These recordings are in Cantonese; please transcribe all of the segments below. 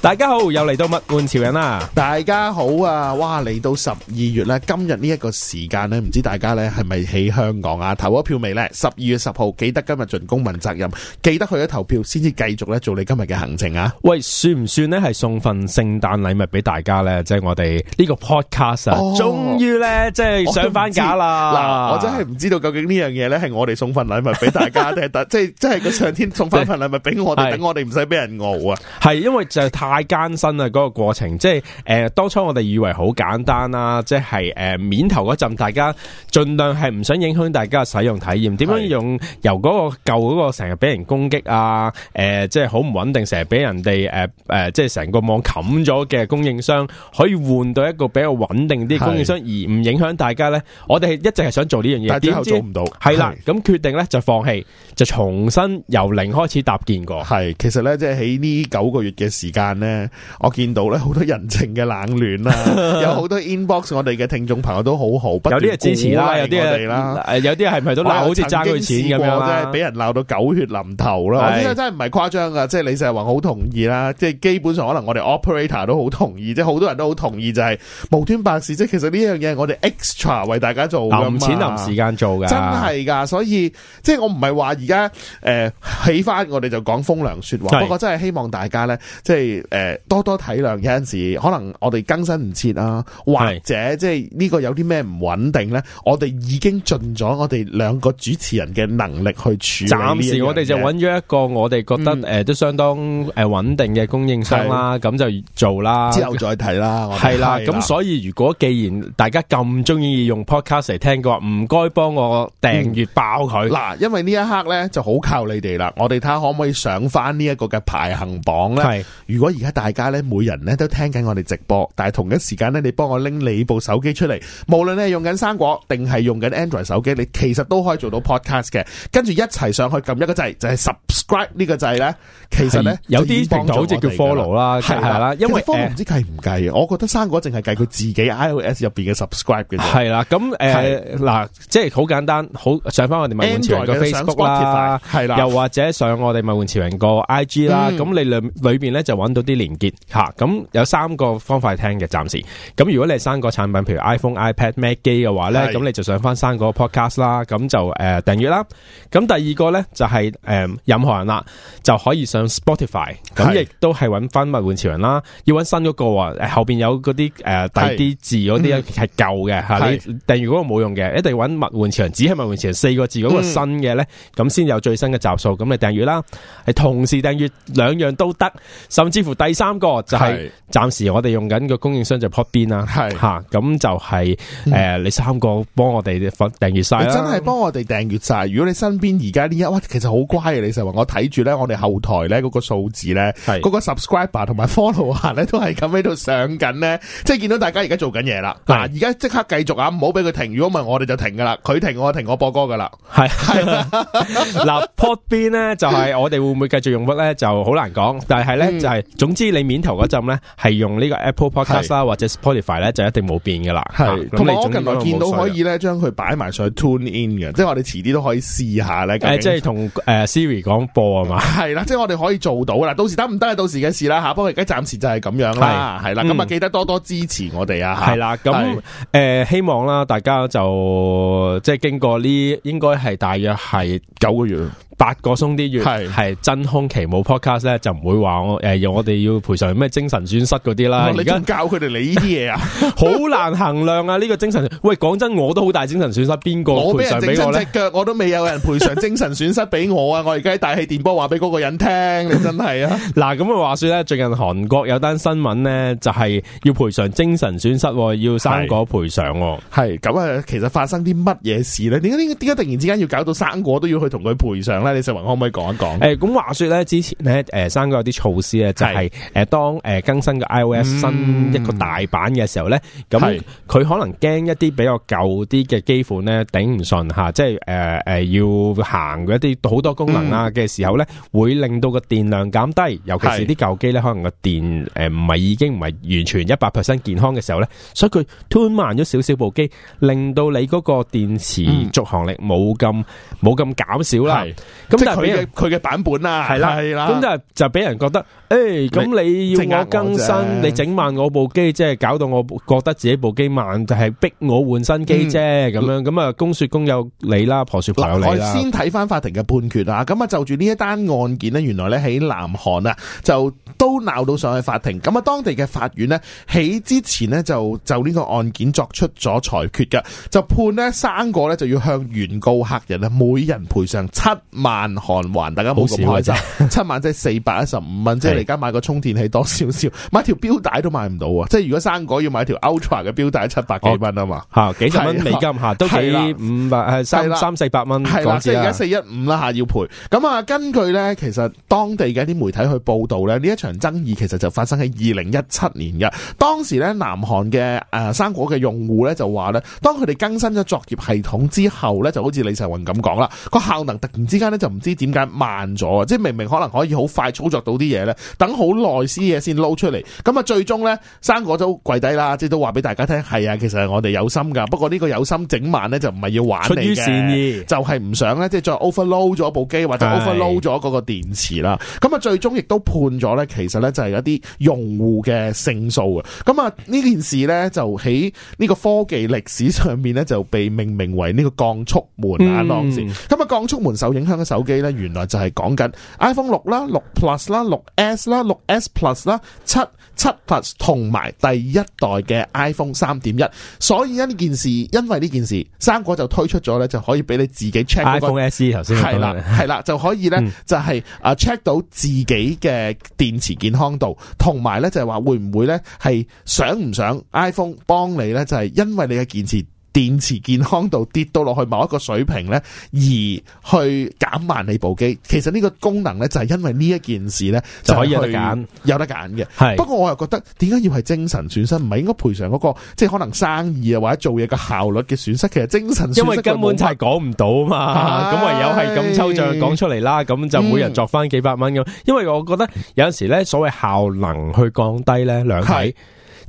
大家好，又嚟到物換潮人啦！大家好啊，哇嚟到十二月咧，今日呢一個時間咧，唔知大家咧係咪喺香港啊？投咗票未咧？十二月十號記得今日盡公民責任，記得去咗投票，先至繼續咧做你今日嘅行程啊！喂，算唔算咧係送份聖誕禮物俾大家咧？即係我哋呢個 podcast 啊，終於咧即係上翻架啦！嗱，我真係唔知道究竟呢樣嘢咧係我哋送份禮物俾大家，定係等即係即係個上天送翻份禮物俾我哋，等我哋唔使俾人熬啊！係因為就係太。太艱辛啦！嗰個過程，即係誒、呃、當初我哋以為好簡單啦、啊，即係誒、呃、面頭嗰陣，大家盡量係唔想影響大家嘅使用體驗，點樣用由嗰個舊嗰個成日俾人攻擊啊？誒、呃、即係好唔穩定，成日俾人哋誒誒即係成個網冚咗嘅供應商，可以換到一個比較穩定啲供應商，而唔影響大家咧。我哋係一直係想做呢樣嘢，但係最後做唔到，係啦？咁的決定咧就放棄，就重新由零開始搭建過，係其實咧，即係喺呢九個月嘅時間。咧，我見到咧好多人情嘅冷暖啦、啊， 有好多 inbox，我哋嘅聽眾朋友都好好，不有啲人支持啦，我啊、有啲人啦，誒、呃，有啲人唔係都嗱，好似爭佢錢咁樣啦，俾人鬧到狗血淋頭啦，呢得是真係唔係誇張噶，即係李世 i 好同意啦，即係基本上可能我哋 operator 都好同意，即係好多人都好同意，就係無端白事，即係其實呢樣嘢我哋 extra 為大家做，冧錢冧時間做㗎。真係噶，所以即係我唔係話而家誒起翻，我哋就講風涼說話，是不過真係希望大家咧，即係。誒，多多體諒，有陣時可能我哋更新唔切啊，或者即係呢個有啲咩唔穩定咧，我哋已經盡咗我哋兩個主持人嘅能力去處理。暫時我哋就揾咗一個我哋覺得誒都相當誒穩定嘅供應商啦，咁就做啦，之後再睇啦。係啦，咁所以如果既然大家咁中意用 Podcast 嚟聽嘅話，唔該幫我訂閱爆佢嗱，因為呢一刻咧就好靠你哋啦，我哋睇下可唔可以上翻呢一個嘅排行榜咧。係，如果。而家大家咧，每人咧都聽緊我哋直播，但係同一時間咧，你幫我拎你部手機出嚟，無論你係用緊生果，定係用緊 Android 手機，你其實都可以做到 podcast 嘅。跟住一齊上去撳一個掣，就係 subscribe 呢個掣咧。其實咧有啲就叫 follow 啦。係係啦，因為 follow 唔知計唔計啊？我覺得生果淨係計佢自己 iOS 入邊嘅 subscribe 嘅。係啦，咁誒嗱，即係好簡單，好上返我哋物玩潮人嘅 Facebook 啦，係啦，又或者上我哋物玩潮人個 IG 啦。咁你兩裏邊咧就揾到啲連結吓，咁有三個方法聽嘅，暫時。咁如果你係生果產品，譬如 iPhone、iPad 是、Mac 機嘅話咧，咁你就上翻生果 Podcast 啦，咁就誒、呃、訂閱啦。咁第二個咧就係、是、誒、呃、任何人啦，就可以上 Spotify，咁亦都係揾翻物玩潮人啦。要揾新嗰、那個啊，後邊有嗰啲誒底啲字嗰啲係舊嘅嚇，是你訂閱嗰個冇用嘅，一定要揾物玩潮人，只係物玩潮人四個字嗰個新嘅咧，咁先、嗯、有最新嘅集數，咁你訂閱啦。係同時訂閱兩樣都得，甚至乎。第三個就係暫時我哋用緊個供應商就係 Podbean 啦，係吓，咁就係、是、誒、呃嗯、你三個幫我哋訂閱晒，真係幫我哋訂閱晒。如果你身邊而家呢一，哇，其實好乖嘅，你就話我睇住咧，我哋後台咧嗰是個數字咧，係嗰個 subscriber 同埋 follow 吓咧都係咁喺度上緊咧，即係見到大家而家做緊嘢啦。嗱是，而家即刻繼續啊，唔好俾佢停。如果唔係，我哋就停噶啦，佢停我停，我，停我播歌噶啦。係係啦，嗱 Podbean 咧就係我哋會唔會繼續用乜咧 就好難講，但係咧就係、是。嗯總之你面頭嗰陣咧，係、嗯、用呢個 Apple Podcast 啦是，或者 Spotify 咧，就一定冇變噶啦。係，同埋我近來見到可以咧，將佢擺埋上去 Tune In 嘅，即係我哋遲啲都可以試下咧、呃。即係同誒 Siri 講播啊嘛。係啦、啊，即係我哋可以做到啦。到時得唔得到時嘅事啦吓。不過而家暫時就係咁樣啦。係啦是。咁啊，啊嗯、記得多多支持我哋啊。係啦、啊，咁誒是、呃，希望啦，大家就即係經過呢，應該係大約係九個月。八個鬆啲月係是真空期冇 podcast 咧，就唔會話我誒我哋要賠償咩精神損失嗰啲啦。你而家教佢哋理呢啲嘢，啊，好 難衡量啊！呢、這個精神喂，講真，我都好大精神損失。邊個賠償俾我咧？隻腳我都未有人賠償精神損失俾我啊！ 我而家喺大氣電波話俾嗰個人聽，你真係啊！嗱，咁啊話說咧，最近韓國有單新聞咧，就係要賠償精神損失，要生果賠償。係咁啊，其實發生啲乜嘢事咧？點解點點解突然之間要搞到生果都要去同佢賠償咧？你世文可唔可以講一講？誒，咁話說咧，之前咧，誒，蘋果有啲措施咧，就係誒，當誒更新嘅 iOS 新一個大版嘅時候咧，咁佢可能驚一啲比較舊啲嘅機款咧頂唔順吓，即係誒誒，要行嗰一啲好多功能啊嘅時候咧，會令到個電量減低，尤其是啲舊機咧，可能個電誒唔係已經唔係完全一百 percent 健康嘅時候咧，所以佢推慢咗少少部機，令到你嗰個電池續航力冇咁冇咁減少啦。咁但係佢嘅版本啦，係啦，係啦，咁就就俾人覺得，誒、欸，咁你要我更新，你整慢我部機，即係搞到我覺得自己部機慢，就係、是、逼我換新機啫，咁、嗯、樣，咁啊公說公有理啦，婆說婆有理啦。先睇翻法庭嘅判決啊，咁啊就住呢一單案件咧，原來咧喺南韓啊，就都鬧到上去法庭，咁啊當地嘅法院咧，起之前咧就就呢個案件作出咗裁決嘅，就判咧三個咧就要向原告客人啊，每人賠償七萬萬韓圜，大家冇咁開心，少七萬 即係四百一十五蚊，即係你而家買個充電器多少少， 買條表帶都買唔到啊！即係如果生果要買條 Ultra 嘅表帶，七百、哦、吧幾蚊啊嘛，吓幾十蚊美金吓，吧都睇，五百吧三吧三四百蚊、啊，係啦，即係而家四一五啦吓要賠。咁啊，根據咧，其實當地嘅一啲媒體去報道咧，呢一場爭議其實就發生喺二零一七年嘅。當時咧，南韓嘅誒生果嘅用戶咧就話咧，當佢哋更新咗作業系統之後咧，就好似李世雲咁講啦，個效能突然之間就唔知點解慢咗啊！即係明明可能可以好快操作到啲嘢，咧，等好耐先嘢先撈出嚟。咁啊，最終咧，生果都跪低啦。即係都話俾大家聽，係啊，其實係我哋有心噶。不過呢個有心整慢咧，就唔係要玩嚟嘅，出於善意就係唔想咧，即係再 overload 咗部機或者 overload 咗嗰個電池啦。咁啊是，最終亦都判咗咧，其實咧就係一啲用戶嘅勝訴啊。咁啊，呢件事咧就喺呢個科技歷史上面咧就被命名為呢個降速門啊。嗯、當時咁啊，降速門受影響。手機咧，原來就係講緊 iPhone 六啦、六 Plus 啦、六 S 啦、六 S Plus 啦、七七 Plus 同埋第一代嘅 iPhone 三點一。所以呢件事，因為呢件事，生果就推出咗咧，就可以俾你自己 check、那個、iPhone SE S e 頭先係啦，係啦，就可以咧就係啊 check 到自己嘅電池健康度，同埋咧就係話會唔會咧係想唔想 iPhone 幫你咧，就係、是、因為你嘅建設。電池健康度跌到落去某一個水平咧，而去減慢你部機，其實呢個功能咧就係因為呢一件事咧就可以有得揀，有得揀嘅。係不過我又覺得，點解要係精神損失？唔係應該賠償嗰個，即係可能生意啊或者做嘢嘅效率嘅損失。其實精神損失因為根本就係講唔到嘛，咁唯有係咁抽象講出嚟啦。咁就每人作翻幾百蚊咁。因為我覺得有陣時咧，所謂效能去降低咧，兩係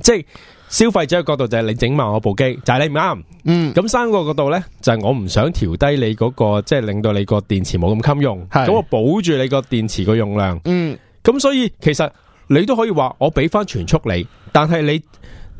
即係。消費者嘅角度就係你整埋我部機，就係、是、你唔啱。嗯，咁三個角度呢，就係、是、我唔想調低你嗰、那個，即、就、係、是、令到你個電池冇咁襟用。咁是 我保住你個電池個用量。嗯，咁所以其實你都可以話我俾翻全速你，但係你。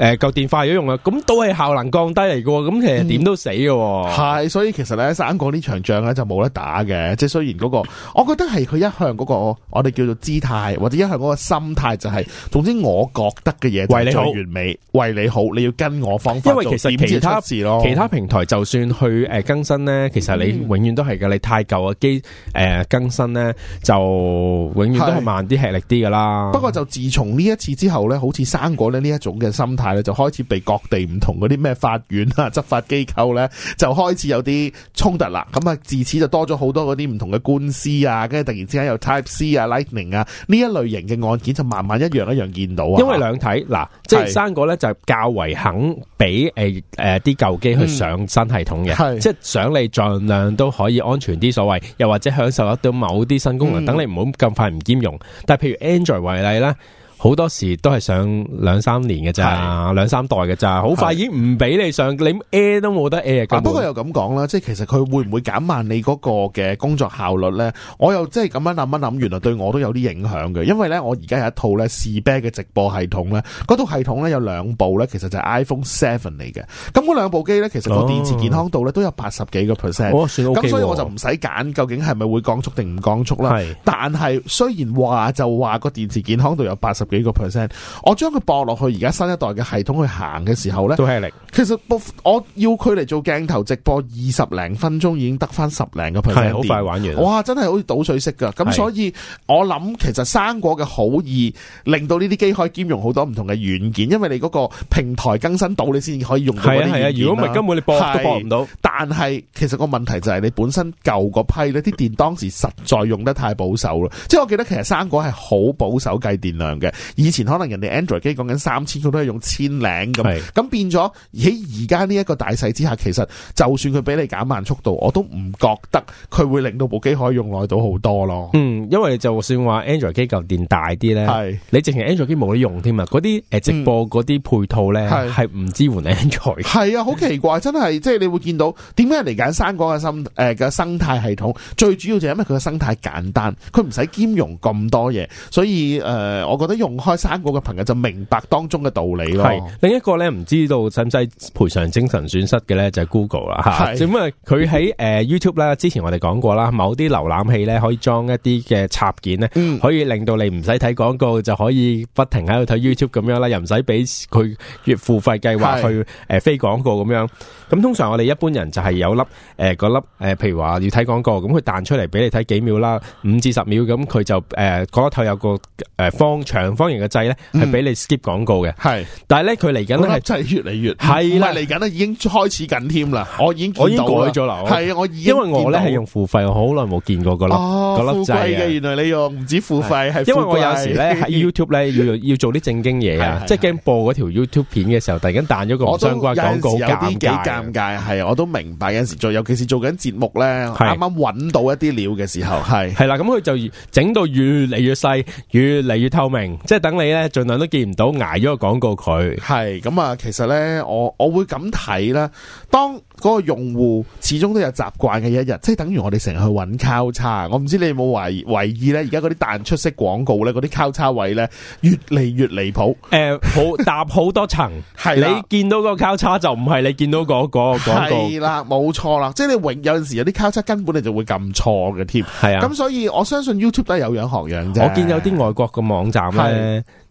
誒，舊電話用啊，咁都係效能降低嚟喎。咁其實點都死嘅、啊。係、嗯，所以其實咧，生果呢場仗咧就冇得打嘅。即係雖然嗰、那個，我覺得係佢一向嗰、那個，我哋叫做姿態或者一向嗰個心態、就是，就係總之我覺得嘅嘢，為你最完美，為你，你好，你要跟我方法。法，因為其實其他字咯，其他平台就算去誒、呃、更新咧，其實你永遠都係嘅，你太舊嘅機誒更新咧就永遠都係慢啲、吃力啲噶啦。不過就自從呢一次之後咧，好似生果咧呢一種嘅心態，就開始被各地唔同嗰啲咩法院啊、執法機構呢，就開始有啲衝突啦。咁啊，自此就多咗好多嗰啲唔同嘅官司啊，跟住突然之間有 Type C 啊、Lightning 啊呢一類型嘅案件，就慢慢一樣一樣見到啊。因為兩睇嗱，啊、是即係生果呢，就較較為肯俾誒啲舊機去上新系統嘅，嗯、即係想你盡量都可以安全啲，所謂又或者享受得到某啲新功能，等、嗯、你唔好咁快唔兼容。但係譬如 Android 為例啦。好多時都係上兩三年嘅啫，兩三代嘅啫，好快已經唔俾你上，你 Air 都冇得 Air。不過又咁講啦，即係其實佢會唔會減慢你嗰個嘅工作效率咧？我又即係咁樣諗一諗，原來對我都有啲影響嘅。因為咧，我而家有一套咧試 back 嘅直播系統咧，嗰套系統咧有兩部咧，其實就係 iPhone Seven 嚟嘅。咁嗰兩部機咧，其實個電池健康度咧都有八十幾個 percent。咁所以我就唔使揀究竟係咪會降速定唔降速啦。但係雖然話就話個電池健康度有八十。幾個 percent，我將佢駁落去而家新一代嘅系統去行嘅時候咧，都係零。其實我我要佢嚟做鏡頭直播二十零分鐘，已經得翻十零個 percent。係好快玩完，哇！真係好似倒水式噶。咁所以我諗，其實生果嘅好易，令到呢啲機可以兼容好多唔同嘅軟件，因為你嗰個平台更新到，你先可以用到嗰啲軟件。如果唔係，根本你播都播唔到。但係其實個問題就係你本身舊嗰批咧，啲電當時實在用得太保守啦。即係我記得，其實生果係好保守計電量嘅。以前可能人哋 Android 機講緊三千，佢都係用千零咁，咁變咗喺而家呢一個大勢之下，其實就算佢俾你減慢速度，我都唔覺得佢會令到部機可以用耐到好多咯。嗯，因為就算話 Android 機舊電大啲咧，是你淨係 Android 機冇得用添、嗯、 啊！嗰啲直播嗰啲配套咧，係唔支援 Android。係啊，好奇怪，真係即係你會見到點解人哋揀生果嘅生誒嘅生態系統，最主要就係因為佢嘅生態簡單，佢唔使兼容咁多嘢，所以、呃、我覺得用。開生果嘅朋友就明白當中嘅道理咯。係另一個咧，唔知道使唔使賠償精神損失嘅咧，就係 Google 啦吓。咁啊，佢喺誒 YouTube 咧，之前我哋講過啦，某啲瀏覽器咧可以裝一啲嘅插件咧，可以令到你唔使睇廣告就可以不停喺度睇 YouTube 咁樣啦，又唔使俾佢月付費計劃去誒飛廣告咁樣。咁通常我哋一般人就係有粒誒嗰粒誒，譬如話要睇廣告，咁佢彈出嚟俾你睇幾秒啦，五至十秒，咁佢就誒嗰一頭有個誒方長。方形嘅掣咧，係俾你 skip 廣告嘅。係，但係咧佢嚟緊咧係越嚟越係啦，嚟緊咧已經開始緊添啦。我已經我已經改咗啦。係，我已經見到。因為我咧係用付費，我好耐冇見過個粒個粒掣啊。原來你用唔止付費，係因為我有時咧喺 YouTube 咧要要做啲正經嘢啊，即係驚播嗰條 YouTube 片嘅時候，突然間彈咗個唔相關廣告，有啲尷尬。幾尷尬係。我都明白有時做，尤其是做緊節目咧，啱啱揾到一啲料嘅時候，係係啦。咁佢就整到越嚟越細，越嚟越透明。即係等你咧，盡量都見唔到挨咗個廣告佢。係咁啊，其實咧，我我會咁睇啦。當嗰個用戶始終都有習慣嘅一日，即係等於我哋成日去揾交叉。我唔知你有冇懷懷疑呢？而家嗰啲彈出式廣告呢，嗰啲交叉位呢，越嚟越離譜。誒，好搭好多層，係、 啊、你見到個交叉就唔係你見到嗰、嗰個廣、嗰個、告。啦、啊，冇錯啦，即係你永有陣時有啲交叉根本你就會撳錯嘅添。係啊，咁所以我相信 YouTube 都係有樣學樣啫。我見有啲外國嘅網站呢，啊、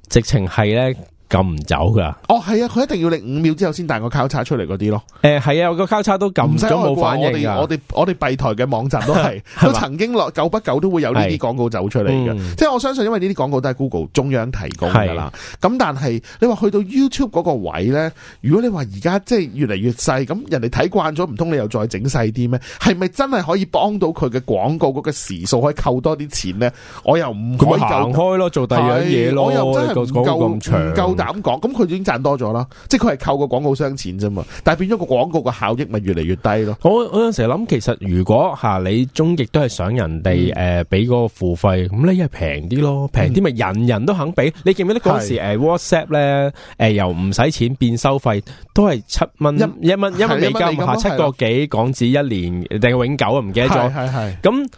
直情係呢。撳唔走噶？哦，係啊，佢一定要你五秒之後先彈個交叉出嚟嗰啲咯。誒、欸，係啊，個交叉都撳咗冇反應啊！我哋我哋閉台嘅網站都係， 吧都曾經耐久不久都會有呢啲廣告走出嚟嘅。嗯、即係我相信，因為呢啲廣告都係 Google 中央提供噶啦咁是但係你話去到 YouTube 嗰個位咧，如果你話而家即係越嚟越細，咁人哋睇慣咗，唔通你又再整細啲咩？係咪真係可以幫到佢嘅廣告嗰、那個時數，可以扣多啲錢咧？我又唔佢開咯，做第二樣嘢咯，我又真係唔夠唔夠咁講，咁佢已經賺多咗啦，即係佢係靠個廣告商錢啫嘛，但係變咗個廣告嘅效益咪越嚟越低咯。我我有時諗，其實如果嚇你終極都係想人哋誒俾嗰個付費，咁咧一係平啲咯，平啲咪人人都肯俾。你記唔記得嗰陣時誒 WhatsApp 咧誒由唔使錢變收費，都係七蚊一蚊一蚊美金嚇七個幾港紙一年定永久啊？唔記得咗。係係係咁。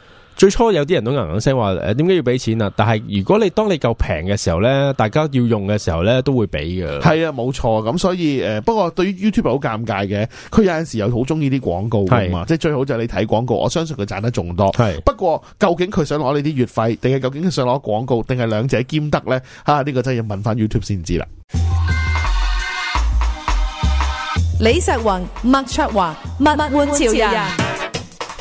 最初有啲人都噏噏聲話誒，點解要俾錢啊？但係如果你當你夠平嘅時候咧，大家要用嘅時候咧，都會俾嘅。係啊，冇錯。咁所以誒，不過對於 YouTube 好尷尬嘅，佢有陣時又好中意啲廣告噶嘛，即係是、嗯、最好就係你睇廣告，我相信佢賺得仲多。係是。不過究竟佢想攞你啲月費，定係究竟佢想攞廣告，定係兩者兼得咧？吓、啊、呢、這個真係要問翻 YouTube 先知啦。李石雲、麥卓華、默默換潮人。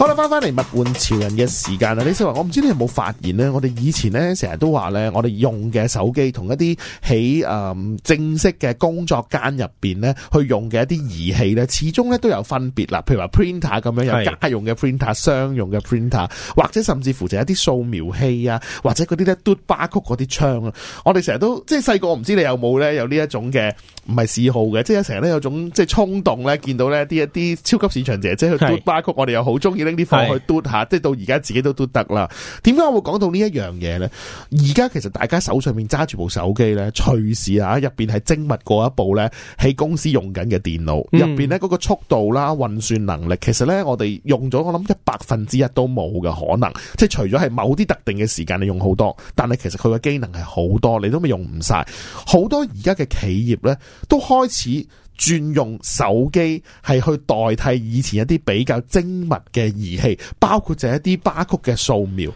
好啦，翻返嚟物玩潮人嘅時間啦，李思華，我唔知你有冇發現咧，我哋以前咧成日都話咧，我哋用嘅手機同一啲喺誒正式嘅工作間入邊咧去用嘅一啲儀器咧，始終咧都有分別啦。譬如話 printer 咁樣，有家用嘅 printer、商用嘅 printer，是或者甚至乎就一啲掃描器啊，或者嗰啲咧嘟巴曲嗰啲槍啊，我哋成日都即係細個，唔知你有冇咧有呢一種嘅唔係嗜好嘅，即係成日咧有種即係衝動咧見到咧啲一啲超級市場姐姐去嘟巴曲，是我哋又好中意啲貨去嘟吓，即係到而家自己都嘟得啦。點解我會講到呢一樣嘢呢？而家其實大家手上面揸住部手機呢，隨時啊，入邊係精密過一部呢，喺公司用緊嘅電腦入邊呢，嗰個速度啦、運算能力，其實呢，我哋用咗我諗一百分之一都冇嘅可能。即係除咗係某啲特定嘅時間你用好多，但係其實佢嘅機能係好多，你都未用唔晒。好多而家嘅企業呢，都開始。轉用手機係去代替以前一啲比較精密嘅儀器，包括就係一啲巴曲嘅掃描。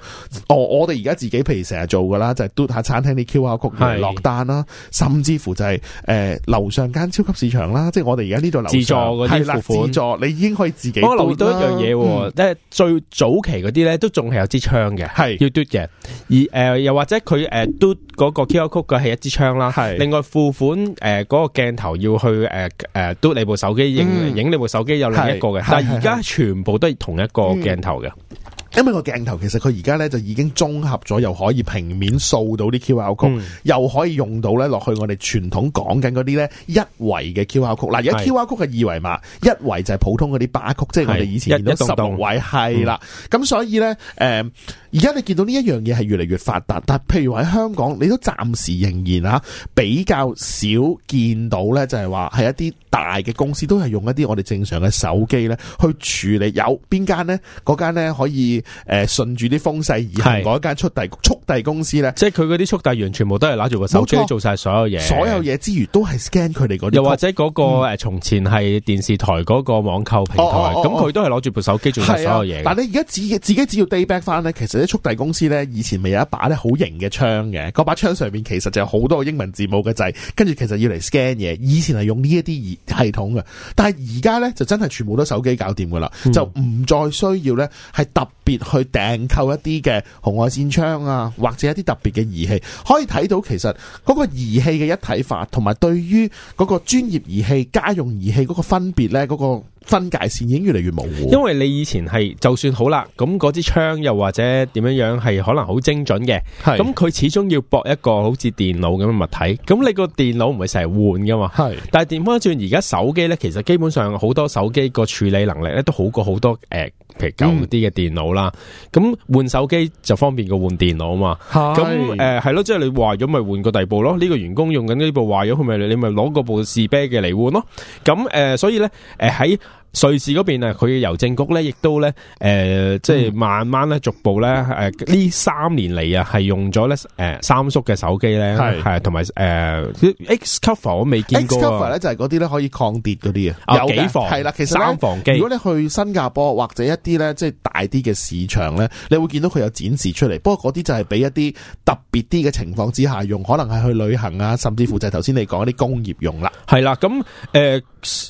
哦、我我哋而家自己譬如成日做㗎啦，就係、是、do 下餐廳啲 QR 曲落單啦，code, down, 是甚至乎就係、是、誒、呃、樓上間超級市場啦，即係我哋而家呢度樓上自助嗰啲付款自助你已經可以自己做、啊。我留意到一樣嘢即係最早期嗰啲咧都仲係有支槍嘅，係是要 do 嘅。而誒、呃、又或者佢誒 do 嗰個 QR 曲嘅係一支槍啦。是另外付款誒嗰個鏡頭要去誒。呃誒、呃，都你部手機影影你部手機有另一個嘅，是但係而家全部都係同一個鏡頭嘅。嗯因為個鏡頭其實佢而家咧就已經綜合咗，又可以平面掃到啲 QR Code，又可以用到咧落去我哋傳統講緊嗰啲咧一維嘅 QR Code。嗱而家 QR Code 係二維碼，一維就係普通嗰啲 barcode，即係我哋以前都十六位係啦。咁了、嗯、所以咧，誒、呃，而家你見到呢一樣嘢係越嚟越發達。但譬如話喺香港，你都暫時仍然吓比較少見到咧，就係話係一啲。大嘅公司都係用一啲我哋正常嘅手機咧，去處理，有邊間呢？嗰間呢可以誒、呃、順住啲風勢而行嗰間速遞速遞公司咧，即係佢嗰啲速遞員全部都係攞住個手機冇錯做晒所有嘢，所有嘢之餘都係 scan 佢哋嗰啲。又或者嗰、嗰個從、嗯、從前係電視台嗰個網購平台，咁佢、oh, oh, oh, oh. 都係攞住部手機做晒所有嘢，啊。但你而家自自己只要 day back 翻咧，其實啲速遞公司咧以前咪有一把咧好型嘅槍嘅，嗰把槍上面其實就有好多英文字母嘅掣，跟住其實要嚟 scan 嘢。以前係用呢一啲而系統嘅，但係而家呢，就真係全部都手機搞掂噶啦，就唔再需要呢係特別去訂購一啲嘅紅外線槍啊，或者一啲特別嘅儀器，可以睇到其實嗰個儀器嘅一體化，同埋對於嗰個專業儀器、家用儀器嗰個分別呢。嗰、那個。分界線已經越嚟越模糊，因為你以前係就算好啦，咁嗰支槍又或者點樣樣係可能好精準嘅，咁佢是始終要駁一個好似電腦咁嘅物體，咁你個電腦唔係成日換噶嘛，是但係調翻轉而家手機咧，其實基本上好多手機個處理能力咧都好過好多誒、呃，譬如舊啲嘅電腦啦，咁換、嗯、手機就方便過換電腦啊嘛，咁誒係咯，即係你壞咗咪換個第二部咯，呢、這個員工用緊呢部壞咗，佢咪你咪攞個部士啤嘅嚟換咯，咁誒、呃、所以咧誒喺。呃瑞士嗰邊啊，佢嘅郵政局咧，亦都咧，誒，即係慢慢咧，逐步咧，誒、呃，呢三年嚟啊，係用咗咧，誒、呃，三叔嘅手機咧，係是，同埋誒，X cover 我未見過 X cover 咧就係嗰啲咧可以抗跌嗰啲啊，有幾防，係啦，其實三防機，如果你去新加坡或者一啲咧，即係大啲嘅市場咧，你會見到佢有展示出嚟。不過嗰啲就係俾一啲特別啲嘅情況之下用，可能係去旅行啊，甚至乎就係頭先你講一啲工業用啦，係啦，咁誒。呃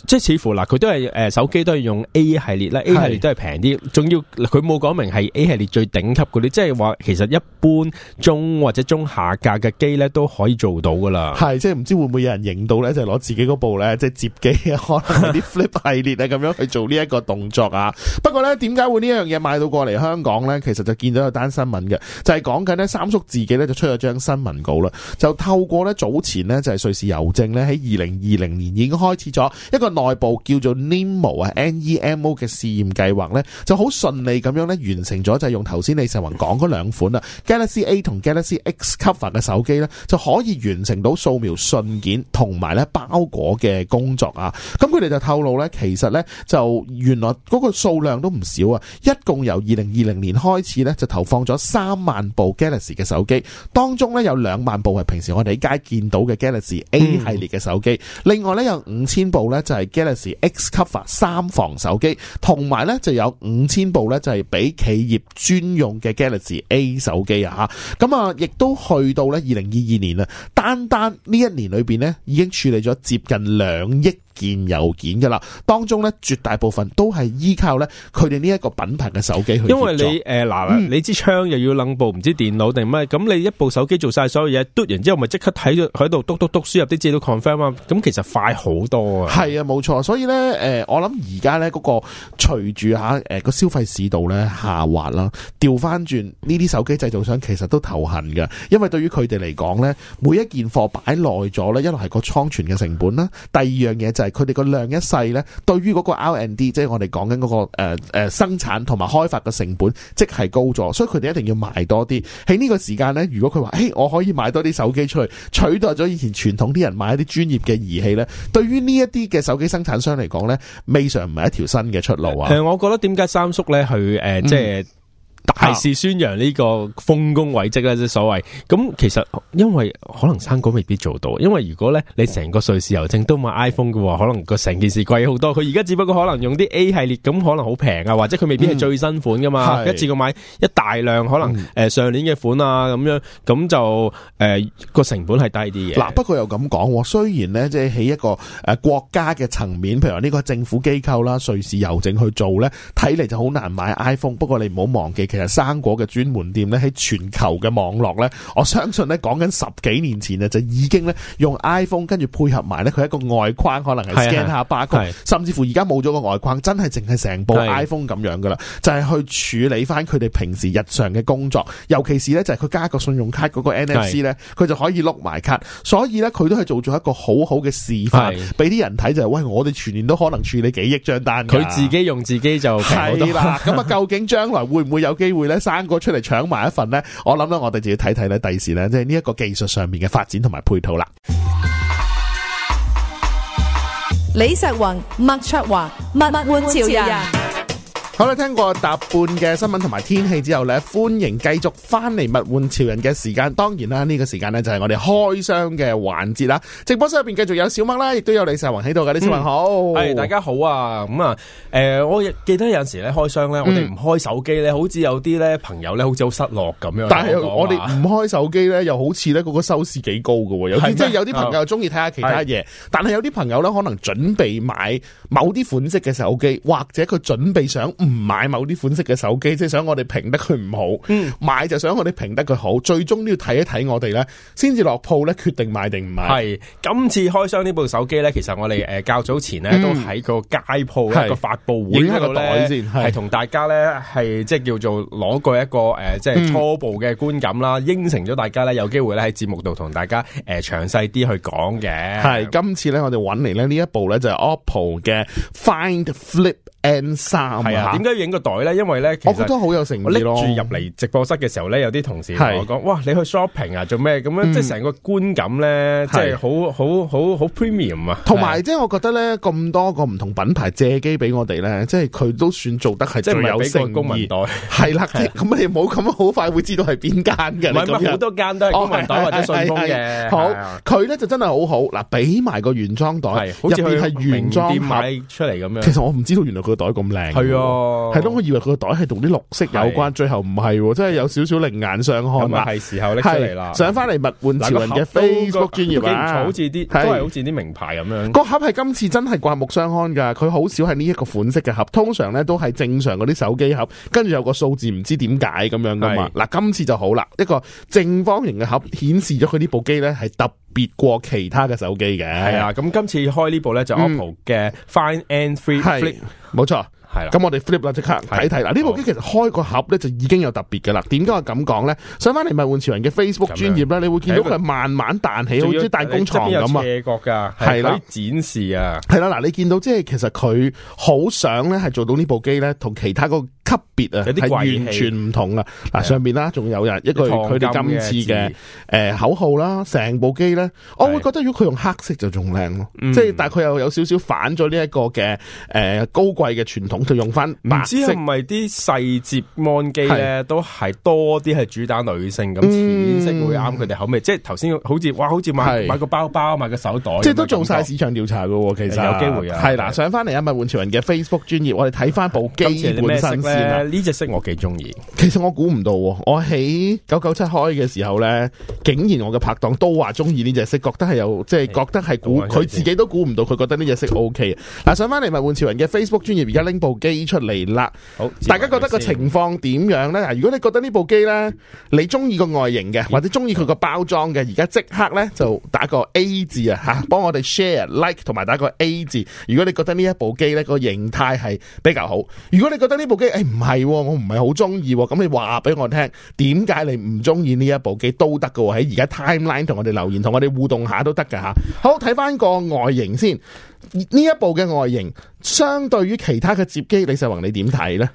即係似乎嗱，佢都係誒、呃，手機都係用 A 系列啦是，A 系列都係平啲，仲要佢冇講明係 A 系列最頂級嗰啲，即係話其實一般中或者中下價嘅機咧都可以做到噶啦。係即係唔知會唔會有人認到咧，就攞、是、自己嗰部咧即係摺機啊，可能啲 Flip 系列啊咁 樣去做呢一個動作啊。不過咧，點解會呢一樣嘢賣到過嚟香港咧？其實就見到有單新聞嘅，就係講緊呢，三叔自己咧就出咗張新聞稿啦，就透過咧早前呢，就係、是、瑞士郵政咧喺二零二零年已經開始咗。一個內部叫做 Nemo 啊，N, emo, N E M O 嘅試驗計劃咧，就好順利咁樣咧完成咗，就係用頭先李世宏講嗰兩款啊，Galaxy A 同 Galaxy XCover 嘅手機咧，就可以完成到掃描信件同埋咧包裹嘅工作啊。咁佢哋就透露咧，其實咧就原來嗰個數量都唔少啊，一共由二零二零年開始咧就投放咗三萬部 Galaxy 嘅手機，當中咧有兩萬部係平時我哋喺街見到嘅 Galaxy A 系列嘅手機，另外咧有五千部咧。咧就係 Galaxy XCover 三防手機，同埋咧就有五千部咧就係俾企業專用嘅 Galaxy A 手機啊，吓，咁啊亦都去到咧二零二二年啦，單單呢一年裏邊咧已經處理咗接近兩億。見件又件噶啦，當中咧絕大部分都係依靠咧佢哋呢一個品牌嘅手機去。因為你誒嗱、呃，你支槍又要 n 部唔知電腦定咩，咁、嗯、你一部手機做晒所有嘢，嘟完之後咪即刻睇咗喺度嘟嘟嘟輸入啲字到 confirm 啊，咁其實快好多啊。係啊，冇錯，所以咧誒，我諗而家咧嗰個隨住吓誒個消費市道咧下滑啦，掉返轉呢啲手機製造商其實都頭痕噶，因為對於佢哋嚟講咧，每一件貨擺耐咗咧，一來係個倉存嘅成本啦，第二樣嘢就是。係佢哋個量一細呢，對於嗰個 R&D 即係我哋講緊嗰個誒誒、呃、生產同埋開發嘅成本，即係高咗，所以佢哋一定要賣多啲。喺呢個時間呢，如果佢話誒，我可以賣多啲手機出去，取代咗以前傳統啲人買一啲專業嘅儀器呢，對於呢一啲嘅手機生產商嚟講呢，未嘗唔係一條新嘅出路啊！其實，我覺得點解三叔呢去誒，即係。呃嗯大肆宣揚呢個豐功偉績咧，即係所謂。咁其實因為可能生果未必做到，因為如果咧你成個瑞士郵政都買 iPhone 嘅，可能個成件事貴好多。佢而家只不過可能用啲 A 系列，咁可能好平啊，或者佢未必係最新款噶嘛。一次過買一大量可能誒上年嘅款啊咁樣，咁就誒個成本係低啲嘅。嗱，不過又咁講，雖然咧即係喺一個誒國家嘅層面，譬如話呢個政府機構啦，瑞士郵政去做咧，睇嚟就好難買 iPhone。不過你唔好忘記。其實生果嘅專門店咧，喺全球嘅網絡咧，我相信咧講緊十幾年前咧就已經咧用 iPhone，跟住配合埋咧佢一個外框，可能係 scan 下 barcode，甚至乎而家冇咗個外框，真係淨係成部 iPhone 咁樣噶啦，的就係去處理翻佢哋平時日常嘅工作，尤其是咧就係佢加個信用卡嗰個 NFC 咧，佢就可以碌埋卡，所以咧佢都係做咗一個好好嘅示範，俾啲人睇就係，是，喂，我哋全年都可能處理幾億張單，佢自己用自己就係啦的。咁啊，究竟將來會唔會有？機會咧，三個出嚟搶埋一份咧，我諗咧，我哋就要睇睇咧，第時咧，即係呢一個技術上面嘅發展同埋配套啦。李石雲、麥卓華、麥麥換潮人。好啦，聽過搭半嘅新聞同埋天氣之後咧，歡迎繼續翻嚟物玩潮人嘅時間。當然啦，呢、這個時間呢，就係我哋開箱嘅環節啦。直播室入邊繼續有小麥啦，亦都有李世宏喺度嘅。李世宏好，係、哎、大家好啊。咁、嗯、啊，誒，我亦記得有陣時咧開箱咧，我哋唔開手機咧，好似有啲咧朋友咧，好似好失落咁樣。嗯、但係我哋唔開手機咧，又好似咧嗰個收視幾高㗎喎。即係有啲朋友中意睇下其他嘢，嗎但係有啲朋友咧可能準備買某啲款式嘅手機，或者佢準備想。唔買某啲款式嘅手機，即係想我哋評得佢唔好；嗯、買就想我哋評得佢好。最終都要睇一睇我哋咧，先至落鋪咧，決定買定唔買。係今次開箱呢部手機咧，其實我哋誒、呃、較早前咧、嗯、都喺個街鋪一個發布會喺個袋先。係同是大家咧係即係叫做攞過一個誒、呃、即係初步嘅觀感啦，嗯、應承咗大家咧有機會咧喺節目度同大家誒詳細啲去講嘅。係是是今次咧我哋揾嚟呢一部咧就係、是、OPPO 嘅 Find Flip。N3 係啊？點解要影個袋咧？因為咧，我覺得好有誠意。你住入嚟直播室嘅時候咧，有啲同事同我講：哇，你去 shopping 啊？做咩？咁樣即係成個觀感咧，即係好好好好 premium 啊！同埋即係，我覺得咧，咁多個唔同品牌借機俾我哋咧，即係佢都算做得係係有誠意。公文袋係啦，咁你冇咁好快會知道係邊間嘅？好多間都係公文袋或者順豐嘅。好，佢咧就真係好好嗱，俾埋個原裝袋，入邊係原裝買出嚟咁樣。其實我唔知道原來佢。袋咁靚，係哦，係咯，啊，我以為佢個袋係同啲綠色有關，是最後唔係，真係有少少另眼相看啦。係時候拎出嚟啦，上翻嚟物換潮人嘅 Facebook 專業好似啲是都係好似啲名牌咁樣。個盒係今次真係刮目相看噶，佢好少係呢一個款式嘅盒，通常咧都係正常嗰啲手機盒，跟住有個數字唔知點解咁樣噶嘛。嗱是，今次就好啦，一個正方形嘅盒顯示咗佢呢部機咧係特。別過其他嘅手機嘅，係啊！咁今次開部呢部咧就 Oppo、是、嘅 Find N3 Flip，冇錯。咁我哋 flip 啦，即刻睇睇嗱，呢部機其實開個盒咧就已經有特別㗎啦。點解我咁講咧？上翻嚟《咪物玩潮人》嘅 Facebook 專頁咧，你會見到佢係慢慢彈起，好似彈弓床咁啊。係可以展示啊。係啦，嗱，你見到即係其實佢好想咧，係做到呢部機咧，同其他個級別啊，係完全唔同啊。嗱，上面啦，仲有啊，一句佢哋今次嘅誒口號啦，成部機咧，我會覺得如果佢用黑色就仲靚咯。即係但係佢又有少少反咗呢一個嘅誒高貴嘅傳統。就用翻，唔知係咪啲細節按機咧，都係多啲係主打女性咁淺的、嗯、色會啱佢哋口味。即係頭先好似哇，好似買，是的 買個包包，買個手袋，即係都做曬市場調查㗎喎。其實有機會啊。係啦，上翻嚟啊，物玩潮人嘅 Facebook 專頁，我哋睇翻部機本身先。呢隻色我幾中意。其實我估唔到，我喺九九七開嘅時候咧，竟然我嘅拍檔都話中意呢隻色，覺得係有即係、就是、覺得係估佢自己都估唔到，佢覺得呢隻色 O K 嗱，上翻嚟物玩潮人嘅 Facebook 專頁，而家拎部。機出嚟啦！好，大家覺得個情況點樣呢？如果你覺得呢部機呢，你中意個外形嘅，或者中意佢個包裝嘅，而家即刻呢，就打個 A 字啊吓，幫我哋 share like 同埋打個 A 字。如果你覺得呢一部機呢個形態係比較好，如果你覺得呢部機誒，唔係，我唔係好中意，咁你話俾我聽點解你唔中意呢一部機都得㗎，喺而家 timeline 同我哋留言，同我哋互動下都得㗎吓。好，睇翻個外形先。呢一部嘅外形，相對於其他嘅摺機，李世宏你點睇咧？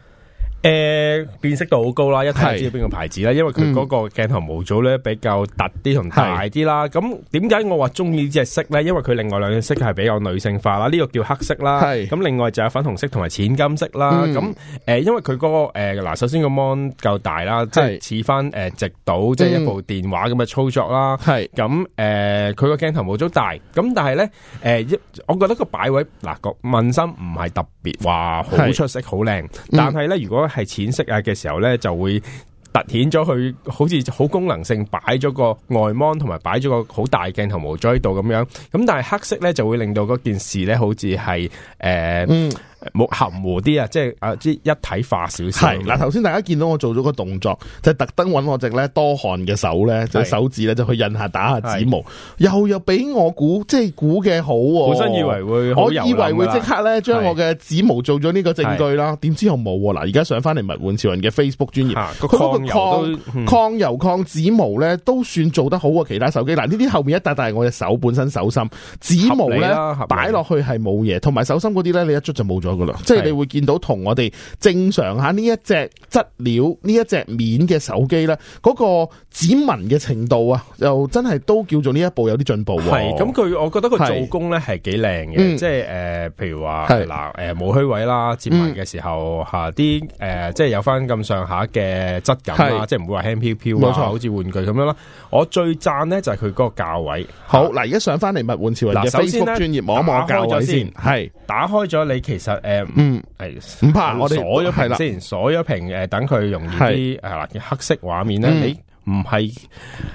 誒，辨識度好高啦，一睇就知邊個牌子啦，因為佢嗰個鏡頭模組咧比較凸啲同大啲啦。咁點解我話鍾意呢隻色咧？因為佢另外兩隻色係比較女性化啦。呢個叫黑色啦，咁另外就有粉紅色同埋淺金色啦。咁誒，因為佢嗰個誒嗱，首先個 mon 夠大啦，即係似翻誒直到，即係一部電話咁嘅操作啦。係咁誒，佢個鏡頭模組大，咁但係咧誒，一我覺得個擺位嗱個紋身唔係特別話好出色好靚，但係咧如果。係淺色啊嘅時候咧，就會凸顯咗佢好似好功能性，擺咗個外芒同埋擺咗個好大鏡頭模在度咁樣。咁但係黑色咧，就會令到嗰件事咧，好似係誒。嗯冇含糊啲啊，即係啊，即一體化少少。係嗱，頭、啊、先大家見到我做咗個動作，就特登揾我隻咧多汗嘅手咧，就是、手指咧就去印下打下指模，是又又俾我估即係估嘅好、哦。本身以為會，我以為會即刻咧將我嘅指模做咗呢個證據啦。點知又冇嗱，而家上翻嚟物玩潮人嘅 Facebook 專頁，佢嗰、啊、個抗抗、嗯、油抗指模咧都算做得好喎。其他手機嗱呢啲後面一笪，但係我嘅手本身手心指模咧擺落去係冇嘢，同埋手心嗰啲咧你一捽就冇咗。即係你會見到同我哋正常下呢一隻質料呢一隻面嘅手機咧，嗰個指紋嘅程度啊，又真係都叫做呢一步有啲進步。係咁，佢我覺得佢做工咧係幾靚嘅，即係誒，譬如話嗱，誒冇虛位啦，指紋嘅時候吓啲誒，即係有翻咁上下嘅質感啊，即係唔會話輕飄飄，冇錯，好似玩具咁樣啦。我最讚咧就係佢個價位。好嗱，而家上翻嚟物玩潮或者 Facebook 專業，摸一摸價咗先。係打開咗，你其實。誒，嗯，係唔怕，我哋鎖咗，係啦，先，鎖咗屏誒，等佢容易啲係啦，黑色畫面咧，你唔係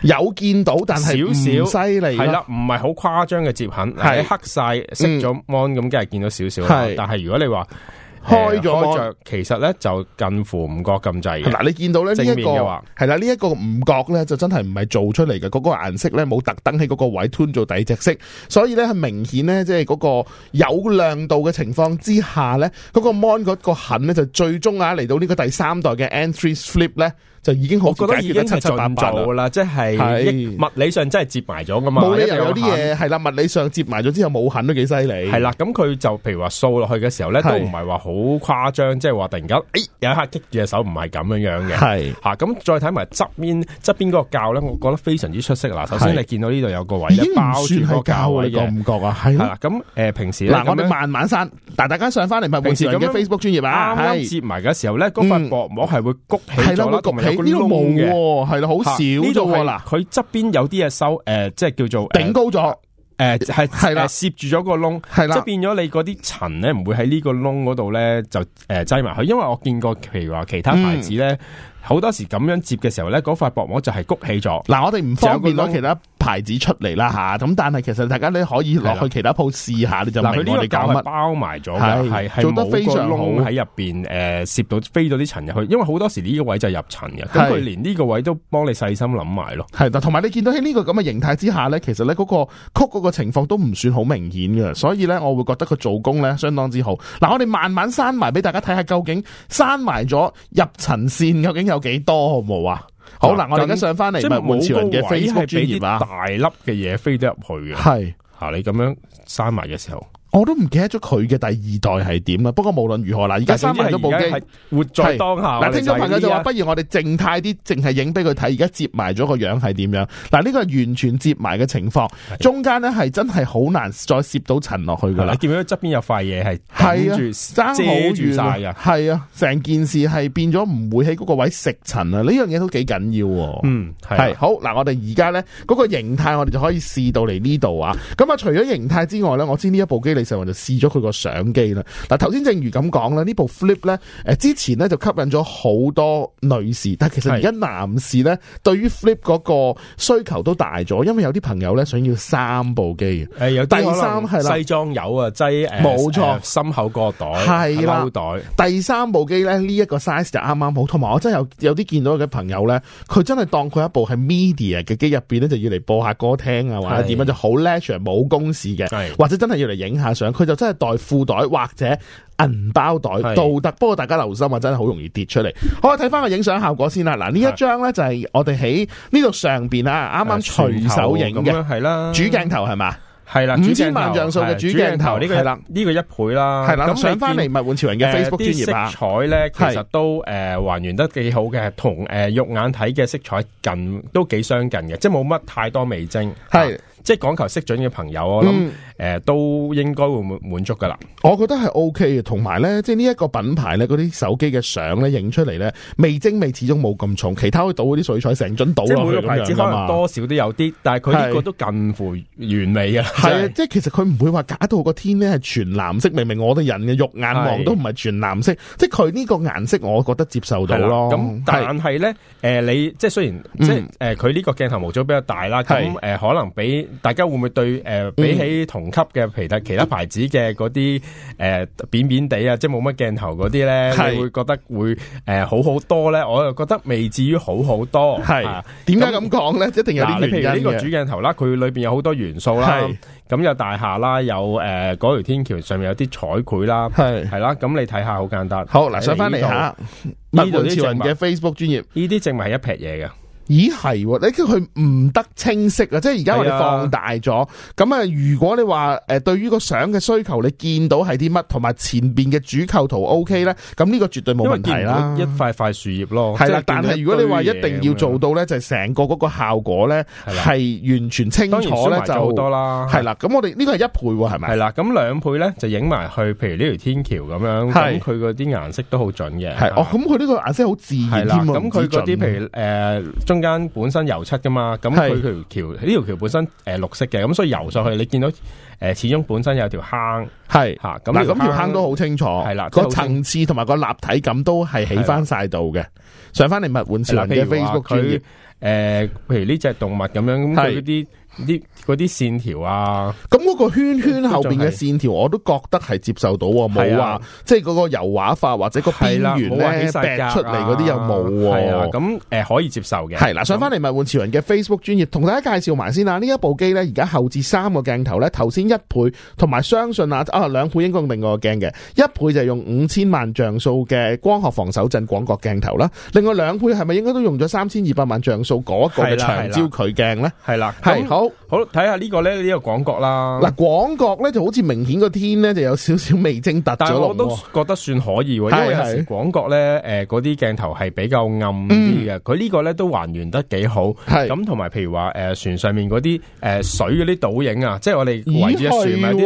有見到，但係少少犀利，係啦，唔係好誇張嘅摺痕，係黑晒，熄咗光咁，梗係見到少少，但係如果你話。開咗，開門其實咧就近乎唔覺咁滯。嗱，你見到咧呢一、這個係啦，這個、覺呢一個唔覺咧就真係唔係做出嚟嘅，嗰、那個顏色咧冇特登喺嗰個位吞做底隻色，所以咧係明顯咧即係嗰個有亮度嘅情況之下咧，嗰、那個 mon 嗰個痕咧就最終啊嚟到呢個第三代嘅 N3 Flip 咧。就已經好，覺得已經七七八八啦，即係物理上真係接埋咗噶嘛。冇理由有啲嘢係啦，物理上接埋咗之後冇痕都幾犀利。係啦，咁佢就譬如話掃落去嘅時候咧，都唔係話好誇張，即係話突然間，哎，有一刻棘住隻手唔係咁樣樣嘅。係嚇，咁再睇埋側邊側邊嗰個教咧，我覺得非常之出色嗱。首先你見到呢度有個位包住個教位，你覺唔覺啊？係啦，咁誒平時嗱我哋慢慢生，嗱大家上翻嚟咪換咗啲 Facebook 專頁啊。啱啱接埋嘅時候咧，嗰份薄膜係會谷起。係啦，會谷起。呢、欸啊、個冇喎，係咯，好少呢種喎，佢側邊有啲嘢收，誒、呃，即係叫做頂高咗。誒、呃，係係啦，攝住咗個窿，即係變咗你嗰啲塵咧，唔會喺呢個窿嗰度咧就誒擠埋去。因為我見過，譬如話其他牌子咧，好、嗯、多時咁樣接嘅時候咧，嗰塊薄膜就係谷起咗。嗱、啊，我哋唔方便攞其他。牌子出嚟啦吓，咁但係其實大家你可以落去其他鋪試下，的你就明我哋搞乜包埋咗，係係是做得非常好喺入邊誒，攝、呃、到飛咗啲塵入去，因為好多時呢個位就係入塵嘅，咁佢的連呢個位都幫你細心諗埋咯。係，嗱，同埋你見到喺呢個咁嘅形態之下咧，其實咧嗰個曲嗰個情況都唔算好明顯嘅，所以咧我會覺得佢做工咧相當之好。嗱，我哋慢慢閂埋俾大家睇下，究竟閂埋咗入塵線究竟有幾多好唔好啊？好啦，跟我哋而家上翻嚟，即係冇人嘅位係俾啲大粒嘅嘢飛得入去嘅，係吓是、啊、你咁樣閂埋嘅時候。我都唔記得咗佢嘅第二代係點啦。不過無論如何啦，而家三萬幾部機係活在當下。嗱是，聽眾朋友就話，不如我哋靜態啲，淨係影俾佢睇。而家接埋咗、啊個樣係點樣？嗱，呢個係完全接埋嘅情況。的中間呢係真係好難再攝到塵落去㗎啦。你見唔見側邊有塊嘢係遮啊，遮住曬㗎？係、這個嗯、啊，成件事係變咗唔會喺嗰個位食塵啊！呢樣嘢都幾緊要。嗯，係好，嗱，我哋而家呢，嗰、嗰個形態，我哋就可以試到嚟呢度啊。咁啊，除咗形態之外呢，我知呢一部機嚟。成日就試咗佢個相機啦。嗱，頭先正如咁講咧，呢部 Flip 咧，之前咧就吸引咗好多女士，但係其實而家男士咧對於 Flip 嗰個需求都大咗，因為有啲朋友咧想要三部機。誒、哎、有第三係啦，西裝有啊，即係冇錯，心口嗰袋係啦，啦袋第三部機咧，呢一、呢個 size 就啱啱好，同埋我真係有有啲見到嘅朋友咧，佢真係當佢一部係 media 嘅機入面咧，就要嚟播下歌聽啊，或者點樣是就好 relax 冇公事嘅，是或者真係要嚟影下。上佢就真係袋褲袋或者銀包袋，都得是不過大家留心啊，真係好容易跌出嚟。好，我睇翻個影相效果先啦。嗱，呢一張咧就係我哋喺呢度上邊啊，啱啱隨手影嘅，係啦，主鏡頭係嘛，係啦，五千萬像素嘅主鏡頭，呢、這個係啦，呢的個一倍啦，係啦的。咁上翻嚟物玩潮人嘅 Facebook 專頁啦、啊。色彩咧其實都誒還原得幾好嘅，同誒的肉眼睇嘅色彩近都幾相近嘅，即係冇乜太多味精。係。即係講求色準嘅朋友，我諗誒、嗯呃、都應該會滿滿足噶啦。我覺得係 O K 嘅，同埋咧，即係呢一個品牌咧，嗰啲手機嘅相咧影出嚟，咧，味精味始終冇咁重，其他可以倒嗰啲水彩成樽倒的。即每個牌子可能多少都有啲，但係佢呢個都近乎完美啊！係啊的，就是、即係其實佢唔會話假到個天咧係全藍色，明明我哋人嘅肉眼望都唔係全藍色。是的即係佢呢個顏色，我覺得接受到咯。咁但係咧，誒的、呃、你即係雖然即係誒佢呢個鏡頭模組比較大啦，咁誒的、呃、可能比。大家會唔會對誒，比起同級嘅皮特其他牌子嘅嗰啲誒扁扁地啊，即係冇乜鏡頭嗰啲咧，會覺得會誒好好多咧？我又覺得未至於好好多，係點解咁講咧？一定有啲原因嘅。嗱，你譬如呢個主鏡頭啦，佢裏邊有好多元素啦，咁有大廈啦，有誒嗰條天橋上面有啲彩繪啦，係係啦，咁你睇下好簡單。好嗱，上翻嚟下呢度啲人嘅 Facebook 專業，呢啲淨係一撇嘢嘅。咦，係？你驚佢唔得清晰啊！即係而家我哋放大咗，咁啊！如果你話誒對於個相嘅需求，你見到係啲乜，同埋前邊嘅主構圖 O K 咧，咁呢個絕對冇問題啦。一塊塊樹葉咯，係啦。但係如果你話一定要做到咧，就係成個嗰個效果咧，係完全清楚咧就好多啦。係啦，咁我哋呢個係一倍係咪？係啦，咁兩倍咧就影埋去，譬如呢條天橋咁樣，咁佢嗰啲顏色都好準嘅。係哦，咁佢呢個顏色好自然。咁佢嗰啲譬如誒。中間本身油漆噶嘛，咁佢條橋呢條橋本身誒綠色嘅，咁是所以游上去你見到誒，始終本身有條坑係吓，咁咁條坑都好清楚，係啦，個層次同埋個立體感都係起翻晒度嘅，了上翻嚟物玩潮人 Facebook 誒、呃，譬如呢隻動物咁樣，咁佢啲啲嗰啲線條啊，咁嗰個圈圈後邊嘅線條，我都覺得係接受到，冇話即係嗰個油畫化或者個邊緣咧，凸、啊啊、出嚟嗰啲又冇、啊，咁誒、啊呃、可以接受嘅。係啦、啊，上翻嚟物玩潮人嘅 Facebook 專頁，同大家介紹埋先啦。呢一部機呢，而家後置三個鏡頭呢，頭先一倍，同埋相信啊，啊、哦、兩倍應該用另外個鏡嘅，一倍就係用五千萬像素嘅光學防手震廣角鏡頭啦，另外兩倍係咪應該都用咗三千二百萬像素？到嗰個長焦距鏡咧，係啦，係好，好睇下呢個咧，呢個廣角啦。嗱，廣角咧就好似明顯個天咧就有少少微蒸突咗咯。我都覺得算可以，因為有時廣角咧誒，嗰啲鏡頭係比較暗啲嘅。佢呢個咧都還原得幾好，咁同埋譬如話誒，船上面嗰啲誒，水嗰啲倒影啊，即係我哋圍住一船嗰啲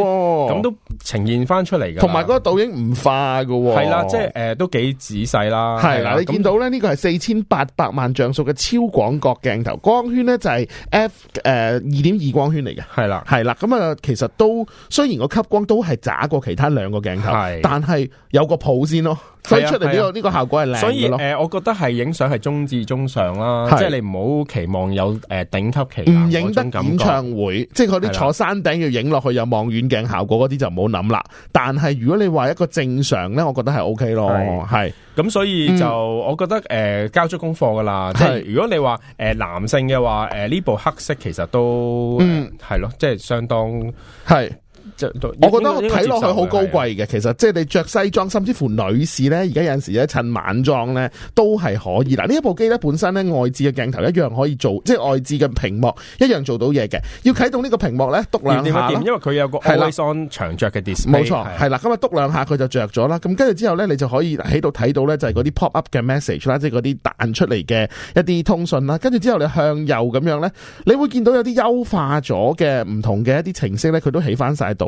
咁都呈現翻出嚟嘅。同埋嗰個倒影唔化嘅，係啦，即係誒，都幾仔細啦。係嗱，你見到咧呢個係四千八百萬像素嘅超廣。個鏡頭光圈咧就係 f 誒二點二光圈嚟嘅，係啦係啦，咁啊其實都雖然個吸光都係渣過其他兩個鏡頭，但係有個譜先咯，所以出嚟呢個呢個效果係靚嘅咯。誒，我覺得係影相係中至中上啦，即係你唔好期望有誒頂級，唔影得演唱會，即係嗰啲坐山頂要影落去有望遠鏡效果嗰啲就唔好諗啦。但係如果你話一個正常咧，我覺得係 O K 咯，係咁所以就我覺得誒交足功課噶啦，即係如果你話。誒、呃，男性嘅話，誒、呃，呢部黑色其實都係、嗯呃、咯，即係相當係。我覺得睇落去好高貴嘅，的其實即係你着西裝，甚至乎女士咧，而家有陣時咧襯晚裝咧都係可以嗱。呢一部機咧本身咧外置嘅鏡頭一樣可以做，即係外置嘅屏幕一樣做到嘢嘅。要啟動呢個屏幕咧，篤兩下點。因為佢有個 eyes on 長着嘅 display。冇錯，係啦。咁啊篤兩下佢就着咗啦。咁跟住之後咧，你就可以喺度睇到咧，就係嗰啲 pop up 嘅 message 啦，即係嗰啲彈出嚟嘅一啲通訊啦。跟住之後你向右咁樣咧，你會見到有啲優化咗嘅唔同嘅一啲程式咧，佢都起翻晒度。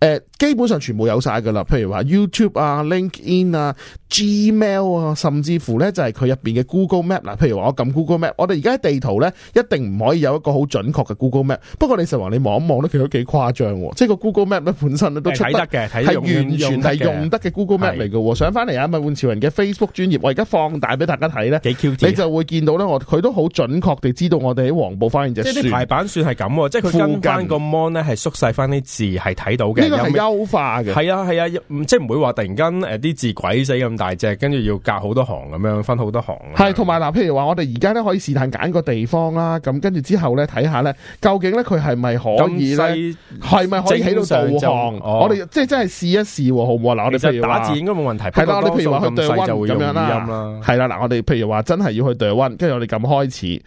誒，基本上全部有晒噶啦，譬如話 YouTube 啊、LinkedIn 啊、Gmail 啊，甚至乎咧就係佢入邊嘅 Google Map 嗱，譬如話我撳 Google Map，我哋而家喺地圖咧一定唔可以有一個好準確嘅 Google Map，不過你實話你望一望咧，其實都幾誇張，即係個 Google Map 咧本身都睇得嘅，睇得嘅，係完全係用得嘅 Google Map 嚟嘅。上翻嚟啊，物玩潮人嘅 Facebook 專頁，我而家放大俾大家睇咧，幾 Q，你就會見到咧，我佢都好準確地知道我哋喺黃埔花園隻船，即啲排版算係咁，即係佢跟翻個 mon 咧係縮細翻啲字係睇到嘅。係優化嘅，係啊係啊，即係唔會話突然間誒啲字鬼死咁大隻，跟住要隔好多行咁樣，分好多行。係同埋嗱，譬如話我哋而家咧可以試探揀個地方啦，咁跟住之後咧睇下咧，究竟咧佢係咪可以咧，係咪可以起到導航？我哋即係真係試一試，好唔好啊？嗱，我哋譬如打字應該冇問題，係啦，我哋譬如話去 The One 就會咁樣啦，係啦，嗱，我哋譬如話真係要去 The One，跟住我哋撳開始，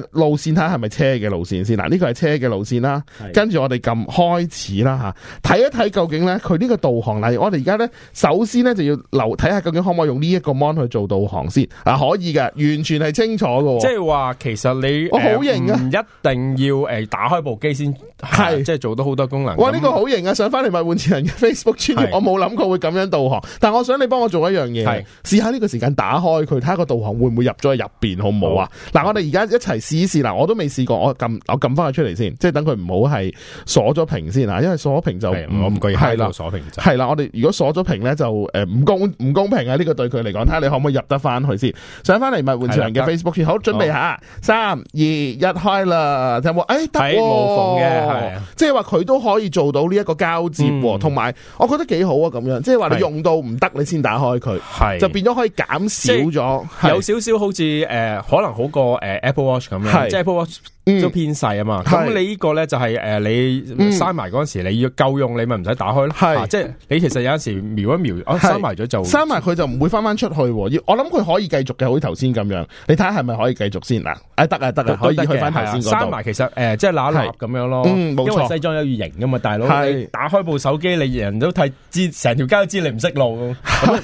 誒路線睇下係咪車嘅路線先？嗱，呢個係車嘅路線啦，跟住我哋撳開始啦吓，睇。一睇究竟咧，佢呢個導航咧，例如我哋而家咧，首先咧就要留睇下究竟可唔可以用呢一個 mon 去做導航先啊，可以嘅，完全係清楚嘅。即係話其實你我好型啊，唔一定要誒、呃、打開部機先係，即係做到好多功能。哇，呢、這個好型啊！上翻嚟咪換次人嘅 Facebook 主頁是，YouTube，我冇諗過會咁樣導航，是但係我想你幫我做一樣嘢，試是下呢個時間打開佢，睇下個導航會唔會入咗去入邊，好唔好啊？嗱、哦，我哋而家一齊試一試。嗱，我都未試過，我撳我撳翻佢出嚟先，即係等佢唔好係鎖咗屏先啊，因為鎖咗屏就。我唔覺意，係啦，鎖屏係啦。我哋如果鎖咗屏咧，就誒唔公唔公平啊！呢個對佢嚟講，睇下你可唔可以入得翻去先。上翻嚟咪煥祥嘅 Facebook 先。好準備下。三二一開啦！有冇？誒，得，係無縫嘅，係。即係話佢都可以做到呢一個交接，同埋我覺得幾好啊！咁樣，即係話你用到唔得，你先打開佢，係就變咗可以減少咗，有少少好似誒，可能好過誒 Apple Watch 咁樣，即係 Apple Watch。都偏細啊嘛，咁你呢個咧就係誒你閂埋嗰時，你要夠用你咪唔使打開咯，即係你其實有陣時瞄一瞄，哦閂埋咗就閂埋佢就唔會翻翻出去，我諗佢可以繼續嘅，好似頭先咁樣，你睇下係咪可以繼續先嗱，誒得啊得啊，可以去返頭先。閂埋其實誒即係揦揦咁樣咯，因為西裝又要型噶嘛，大佬你打開部手機你人都睇，成條街都知你唔識路，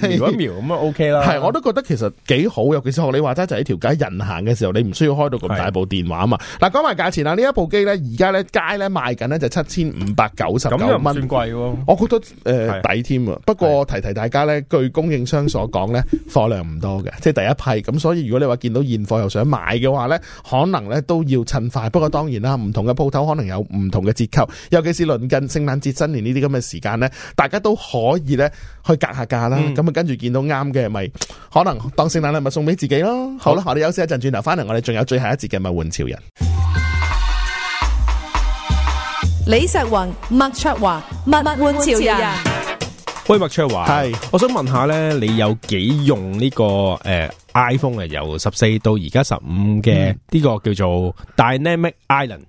瞄一瞄咁啊 OK 啦，係我都覺得其實幾好，尤其是學你話齋就喺條街人行嘅時候，你唔需要開到咁大部電話啊嘛，講埋價錢啦，呢一部機呢，而家呢街呢賣緊呢就七千五百九十九蚊，算貴喎。我覺得誒抵添啊，不過提提大家呢，據供應商所講呢，貨量唔多嘅，即係第一批。咁所以如果你話見到現貨又想買嘅話呢，可能呢都要趁快。不過當然啦，唔同嘅鋪頭可能有唔同嘅折扣，尤其是臨近聖誕節、新年呢啲咁嘅時間呢，大家都可以呢去格下價啦。咁啊、嗯，跟住見到啱嘅咪可能當聖誕禮物送俾自己咯。好啦，我哋休息一陣，轉頭翻嚟，我哋仲有最後一節嘅咪換潮人。李石雲、麥卓華、物玩潮人。喂，麥卓華，係是，我想問下咧，你有幾用呢個誒、呃、iPhone 啊？由十四到而家十五嘅呢個叫做 Dynamic Island、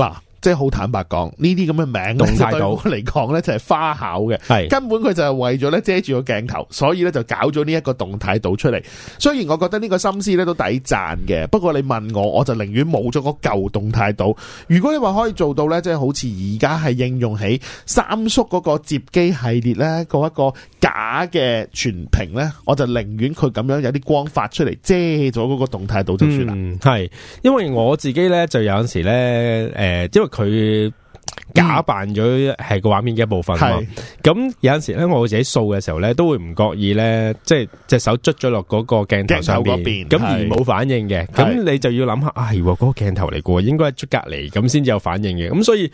啊即係好坦白講，名呢啲咁嘅名、動態島？對我嚟講呢，就係、是、花巧嘅，係是根本佢就係為咗呢遮住個鏡頭，所以呢就搞咗呢一個動態島出嚟。雖然我覺得呢個心思呢都抵讚嘅，不過你問我，我就寧願冇咗個舊動態島。如果你話可以做到呢，即、就、係、是、好似而家係應用起三叔嗰個摺機系列呢，嗰一個假嘅全屏呢，我就寧願佢咁樣有啲光發出嚟遮咗嗰個動態島就算啦。係、嗯、因為我自己呢，就有陣時咧，誒、呃，因佢假扮咗係個畫面嘅一部分，咁有陣時咧，我自己掃嘅時候咧，都會唔覺意咧，即係隻手捽咗落嗰個鏡頭上邊，咁而冇反應嘅，咁你就要諗下，係嗰個鏡頭嚟嘅，應該出隔籬咁先有反應嘅，咁所以。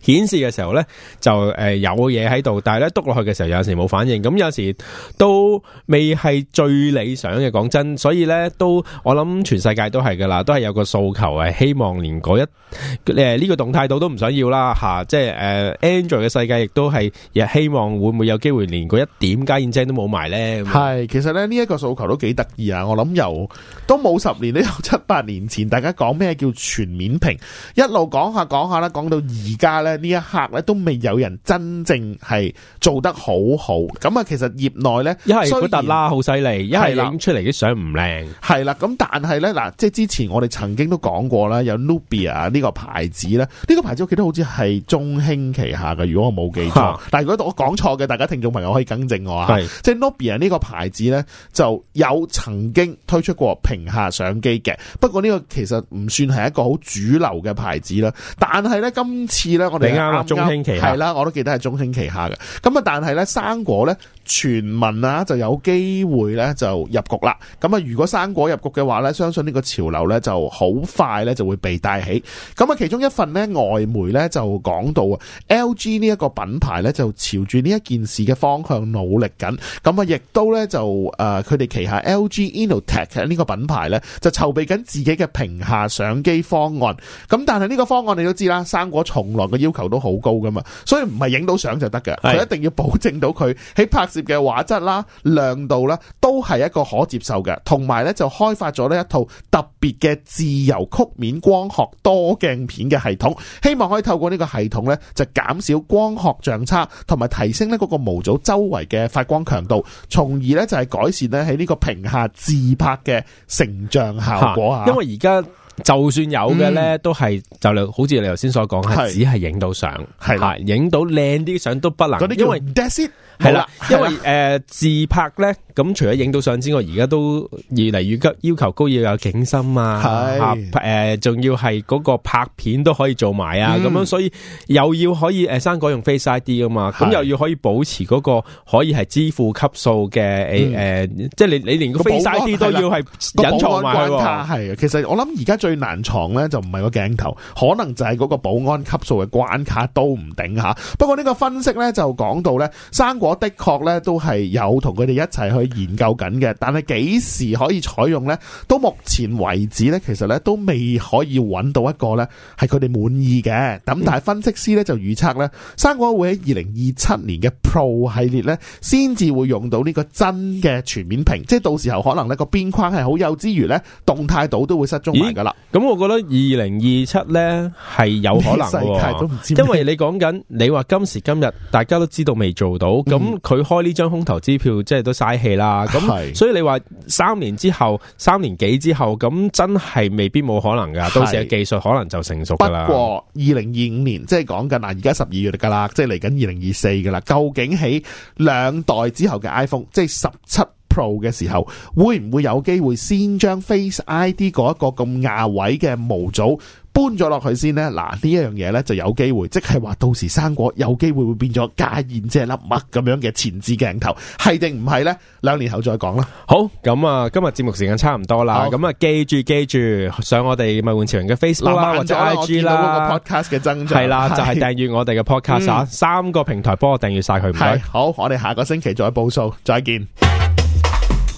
顯示嘅時候呢，就誒有嘢喺度，但係咧篤落去嘅時候，有時冇反應。咁有時都未係最理想嘅，講真。所以呢，都我諗全世界都係噶啦，都係有個訴求，係希望連嗰一呢個動態度都唔想要啦吓。即係誒 Android 嘅世界，亦都係希望會唔會有機會連嗰一點加影晶都冇埋呢？係，其實呢，呢一個訴求都幾得意啊！我諗由都冇十年，都由七八年前，大家講咩叫全面屏，一路講下講下啦，講到而家。呢一刻咧都未有人真正係做得好好，咁啊，其實業內咧，一係好突啦，好犀利，一係諗出嚟啲相唔靚，係啦。咁但係咧，嗱，即係之前我哋曾經都講過啦，有 Nubia 呢個牌子咧，呢、這個牌子我記得好似係中興旗下嘅，如果我冇記錯，但係如果我講錯嘅，大家聽眾朋友可以更正我啊。係是，即係 Nubia 呢個牌子咧，就有曾經推出過屏下相機嘅，不過呢個其實唔算係一個好主流嘅牌子啦，但係咧今次咧。我哋啱啱中興旗下係啦，我都記得係中興旗下嘅。咁啊，但係咧生果咧。傳聞啊，就有機會咧就入局啦。咁啊，如果生果入局嘅話咧，相信呢個潮流咧就好快咧就會被帶起。咁啊，其中一份咧外媒咧就講到啊，LG 呢一個品牌咧就朝住呢一件事嘅方向努力緊。咁啊，亦都咧就誒，佢哋旗下 LG Innotek 呢個品牌咧就籌備緊自己嘅屏下相機方案。咁但係呢個方案你都知啦，生果從來嘅要求都好高噶嘛，所以唔係影到相就得嘅，佢一定要保證到佢喺拍。接嘅畫質啦、亮度咧，都係一個可接受嘅，同埋咧就開發咗咧一套特別嘅自由曲面光學多鏡片嘅系統，希望可以透過呢個系統咧就減少光學像差，同埋提升咧個模組周圍嘅發光強度，從而咧就係改善咧喺呢個屏下自拍嘅成像效果啊。因為而家。就算有嘅咧，都係就嚟，好似你頭先所講，係只係影到相，係影到靚啲相都不能，因為 That's it 係啦，因為誒自拍咧，咁除咗影到相之外，而家都越嚟越急，要求高，要有景深啊，吓誒，仲要係嗰個拍片都可以做埋啊，咁樣，所以又要可以誒，生果用 Face ID 啊嘛，咁又要可以保持嗰個可以係支付級數嘅誒誒，即係你你連個 Face ID 都要係隱藏埋喎，係啊，其實我諗而家。最難藏咧就唔係個鏡頭，可能就係嗰個保安級數嘅關卡都唔頂吓。不過呢個分析咧就講到咧，生果的確咧都係有同佢哋一齊去研究緊嘅，但係幾時可以採用咧？到目前為止咧，其實咧都未可以揾到一個咧係佢哋滿意嘅。咁但係分析師咧就預測咧，生果會喺二零二七年嘅 Pro 系列咧先至會用到呢個真嘅全面屏，即係到時候可能咧個邊框係好幼之餘咧，動態度都會失蹤埋噶啦。咁我覺得二零二七呢係有可能，因為你講緊你話今時今日大家都知道未做到，咁佢開呢張空頭支票即係都嘥氣啦。咁是所以你話三年之後，三年幾之後，咁真係未必冇可能噶，到時嘅技術可能就成熟噶啦。不過二零二五年即係講緊嗱，而家十二月噶啦，即係嚟緊二零二四噶啦，究竟喺兩代之後嘅 iPhone 即係十七？pro 嘅時候會唔會有機會先將 Face ID 嗰一個咁亞位嘅模組搬咗落去先呢？嗱呢一樣嘢呢就有機會，即係話到時生果有機會會變咗介然啫粒物咁樣嘅前置鏡頭係定唔係呢？兩年後再講啦。好咁啊，今日節目時間差唔多啦。咁啊好，記住記住上我哋物玩潮人嘅 Facebook 啦，或者 IG 啦，Podcast 嘅增長係啦，就係訂閱我哋嘅 Podcast 三個平台，幫我訂閱晒佢。唔該好，我哋下個星期再報數，再見。